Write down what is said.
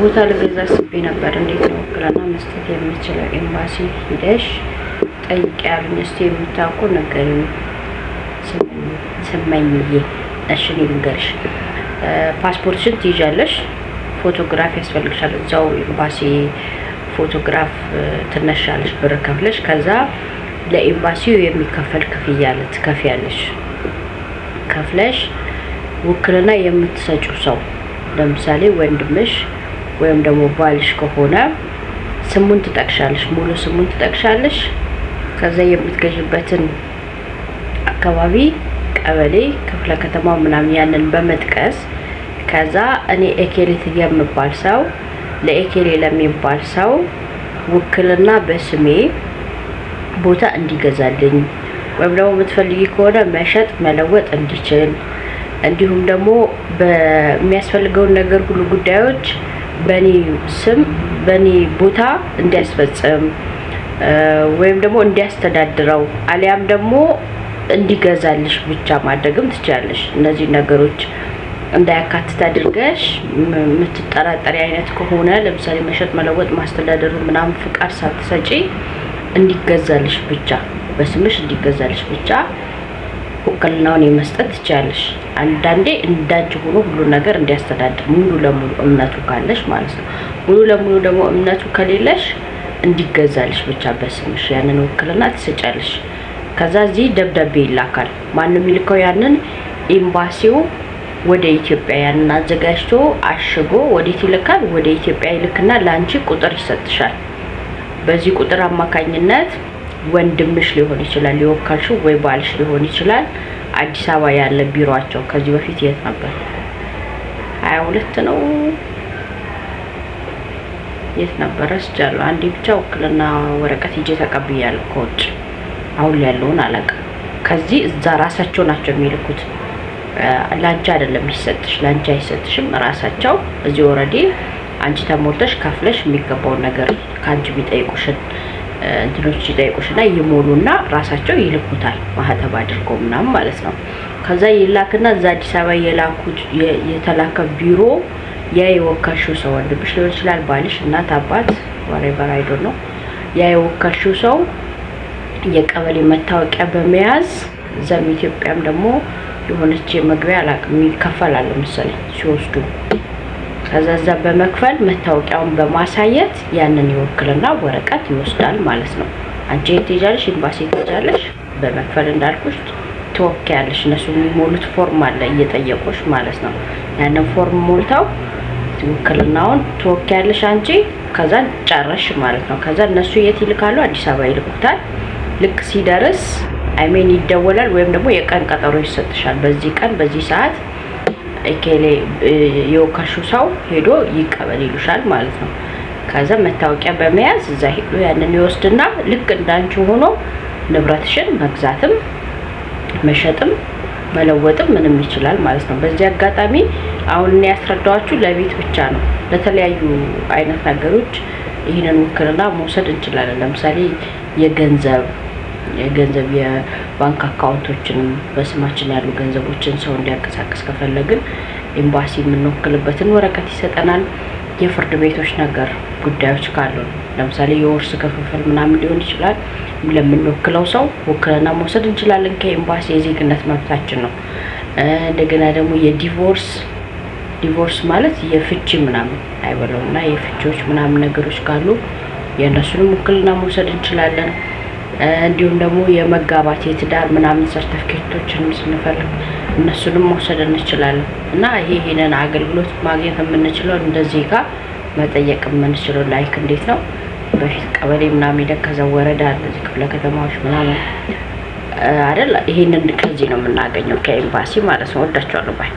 ቦታ ልገዛ አስቤ ነበር። እንዴት ነው ውክልና መስጠት የምችለው? ኤምባሲ ሂደሽ ጠይቅ ያሉኝ። እስኪ የምታውቁ ነገር ስመኝዬ። እሺ እኔ ልንገርሽ፣ ፓስፖርትሽን ትይዣለሽ፣ ፎቶግራፍ ያስፈልግሻል። እዛው ኤምባሲ ፎቶግራፍ ትነሻለሽ፣ ብር ከፍለሽ፣ ከዛ ለኤምባሲው የሚከፈል ክፍያ አለ፣ ትከፍያለሽ። ከፍለሽ ውክልና የምትሰጩ ሰው ለምሳሌ ወንድምሽ ወይም ደግሞ ባልሽ ከሆነ ስሙን ትጠቅሻለሽ፣ ሙሉ ስሙን ትጠቅሻለሽ። ከዛ የምትገዥበትን አካባቢ፣ ቀበሌ፣ ክፍለ ከተማ ምናምን ያንን በመጥቀስ ከዛ እኔ ኤኬሌት የምባል ሰው ለኤኬሌ ለሚባል ሰው ውክልና በስሜ ቦታ እንዲገዛልኝ ወይም ደግሞ የምትፈልጊ ከሆነ መሸጥ መለወጥ እንዲችል እንዲሁም ደግሞ በሚያስፈልገውን ነገር ሁሉ ጉዳዮች በእኔ ስም በእኔ ቦታ እንዲያስፈጽም ወይም ደግሞ እንዲያስተዳድረው አሊያም ደግሞ እንዲገዛልሽ ብቻ ማድረግም ትችላለሽ። እነዚህ ነገሮች እንዳያካትት አድርገሽ የምትጠራጠሪ አይነት ከሆነ ለምሳሌ መሸጥ፣ መለወጥ፣ ማስተዳደሩ ምናምን ፍቃድ ሳትሰጪ እንዲገዛልሽ ብቻ በስምሽ እንዲገዛልሽ ብቻ ውክልናውን የመስጠት ትችያለሽ። አንዳንዴ እንዳንቺ ሆኖ ሁሉ ነገር እንዲያስተዳድር ሙሉ ለሙሉ እምነቱ ካለሽ ማለት ነው። ሙሉ ለሙሉ ደግሞ እምነቱ ከሌለሽ እንዲገዛልሽ ብቻ በስምሽ ያንን ውክልና ትሰጫለሽ። ከዛ እዚህ ደብዳቤ ይላካል። ማንም ይልከው ያንን ኤምባሲው ወደ ኢትዮጵያ ያንን አዘጋጅቶ አሽጎ ወዴት ይልካል? ወደ ኢትዮጵያ ይልክና ለአንቺ ቁጥር ይሰጥሻል። በዚህ ቁጥር አማካኝነት ወንድምሽ ሊሆን ይችላል፣ የወከልሽው ወይ ባልሽ ሊሆን ይችላል። አዲስ አበባ ያለ ቢሮቸው ከዚህ በፊት የት ነበር? ሀያ ሁለት ነው የት ነበረ ስጃሉ አንዴ ብቻ ውክልና ወረቀት ይዤ ተቀብያለሁ ከውጭ። አሁን ያለውን አላውቅም። ከዚህ እዛ ራሳቸው ናቸው የሚልኩት። ላንቺ አይደለም ይሰጥሽ፣ ላንቺ አይሰጥሽም። ራሳቸው እዚህ ወረዴ አንቺ ተሞልተሽ ከፍለሽ የሚገባውን ነገር ከአንቺ የሚጠይቁሽን እንትኖች ይጠይቁሽና ይሞሉና ራሳቸው ይልኩታል ማህተብ አድርጎ ምናምን ማለት ነው። ከዛ ይላክና እዛ አዲስ አበባ የላኩት የተላከ ቢሮ ያ የወካሽው ሰው ወንድምሽ ሊሆን ይችላል፣ ባልሽ፣ እናት፣ አባት ወሬቨር አይዶ ነው። ያ የወካሽው ሰው የቀበሌ መታወቂያ በመያዝ እዛም ኢትዮጵያም ደግሞ የሆነች የመግቢያ አላቅም ይከፈላል መሰለኝ ሲወስዱ ከዛ በመክፈል መታወቂያውን በማሳየት ያንን የውክልና ወረቀት ይወስዳል ማለት ነው። አንቺ ትሄጃለሽ፣ ኤምባሲ ትሄጃለሽ፣ በመክፈል እንዳልኩሽ ትወክያለሽ። እነሱ የሚሞሉት ፎርም አለ እየጠየቁሽ ማለት ነው። ያንን ፎርም ሞልተው ውክልናውን ትወክያለሽ አንቺ። ከዛ ጨረሽ ማለት ነው። ከዛ እነሱ የት ይልካሉ? አዲስ አበባ ይልኩታል። ልክ ሲደርስ አይሜን ይደወላል፣ ወይም ደግሞ የቀን ቀጠሮ ይሰጥሻል። በዚህ ቀን በዚህ ሰዓት እኬሌ የወከሹ ሰው ሄዶ ይቀበል ይሉሻል ማለት ነው። ከዛ መታወቂያ በመያዝ እዛ ሄዶ ያንን ይወስድና ልክ እንዳንቺ ሆኖ ንብረትሽን መግዛትም መሸጥም መለወጥም ምንም ይችላል ማለት ነው። በዚህ አጋጣሚ አሁን እኔ ያስረዳኋችሁ ለቤት ብቻ ነው። ለተለያዩ አይነት ነገሮች ይህንን ውክልና መውሰድ እንችላለን። ለምሳሌ የገንዘብ የገንዘብ የባንክ አካውንቶችን በስማችን ያሉ ገንዘቦችን ሰው እንዲያንቀሳቀስ ከፈለግን ኤምባሲ የምንወክልበትን ወረቀት ይሰጠናል። የፍርድ ቤቶች ነገር ጉዳዮች ካሉ ለምሳሌ የውርስ ክፍፍል ምናምን ሊሆን ይችላል። ለምንወክለው ሰው ውክልና መውሰድ እንችላለን ከኤምባሲ የዜግነት መብታችን ነው። እንደገና ደግሞ የዲቮርስ ዲቮርስ ማለት የፍቺ ምናምን አይበለው እና የፍቺዎች ምናምን ነገሮች ካሉ የእነሱንም ውክልና መውሰድ እንችላለን። እንዲሁም ደግሞ የመጋባት የትዳር ምናምን ሰርተፍኬቶችንም ስንፈልግ እነሱንም መውሰድ እንችላለን እና ይሄ ይሄንን አገልግሎት ማግኘት የምንችለው እንደዚህ ጋ መጠየቅ የምንችለው ላይክ እንዴት ነው በፊት ቀበሌ ምናምን ሄደን ከዛ ወረዳ እንደዚህ ክፍለ ከተማዎች ምናምን አይደል ይሄንን ከዚህ ነው የምናገኘው ከኤምባሲ ማለት ነው። ወዳቸዋለሁ ባይ